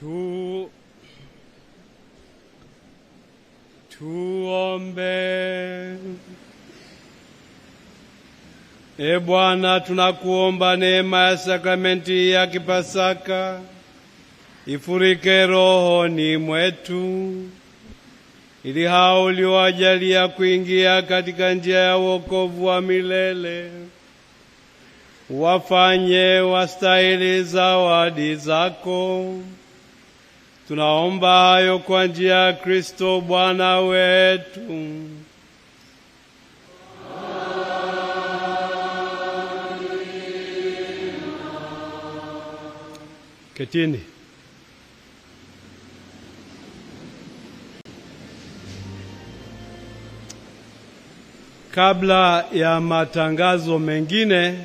Tu, tuombe. E Bwana, tunakuomba neema ya sakramenti ya kipasaka ifurike rohoni mwetu ili hao uliowajalia kuingia katika njia ya wokovu wa milele wafanye wastahili zawadi zako Tunaomba hayo kwa njia ya Kristo Bwana wetu. Ketini. Kabla ya matangazo mengine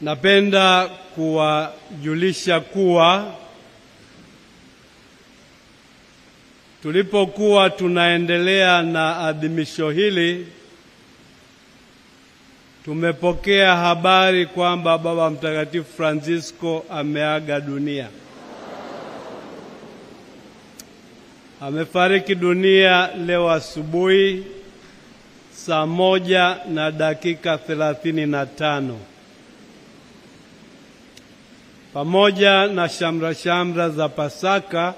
napenda kuwajulisha kuwa tulipokuwa tunaendelea na adhimisho hili tumepokea habari kwamba Baba Mtakatifu Francisco ameaga dunia. Amefariki dunia leo asubuhi saa moja na dakika thelathini na tano pamoja na shamra shamra za Pasaka.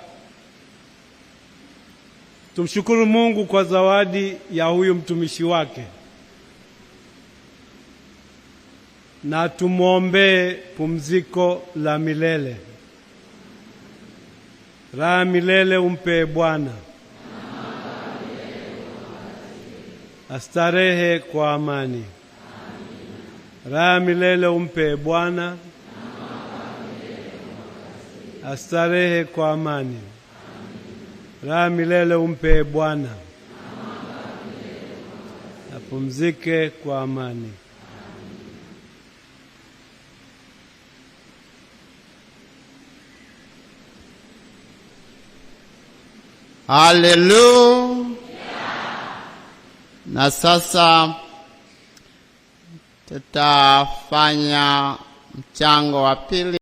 Tumshukuru Mungu kwa zawadi ya huyu mtumishi wake na tumwombee pumziko la milele. Raha milele umpe Bwana, astarehe kwa amani. Raha milele umpe Bwana astarehe kwa amani. Raha milele umpe Bwana, apumzike kwa amani. Haleluya! Na sasa tutafanya mchango wa pili.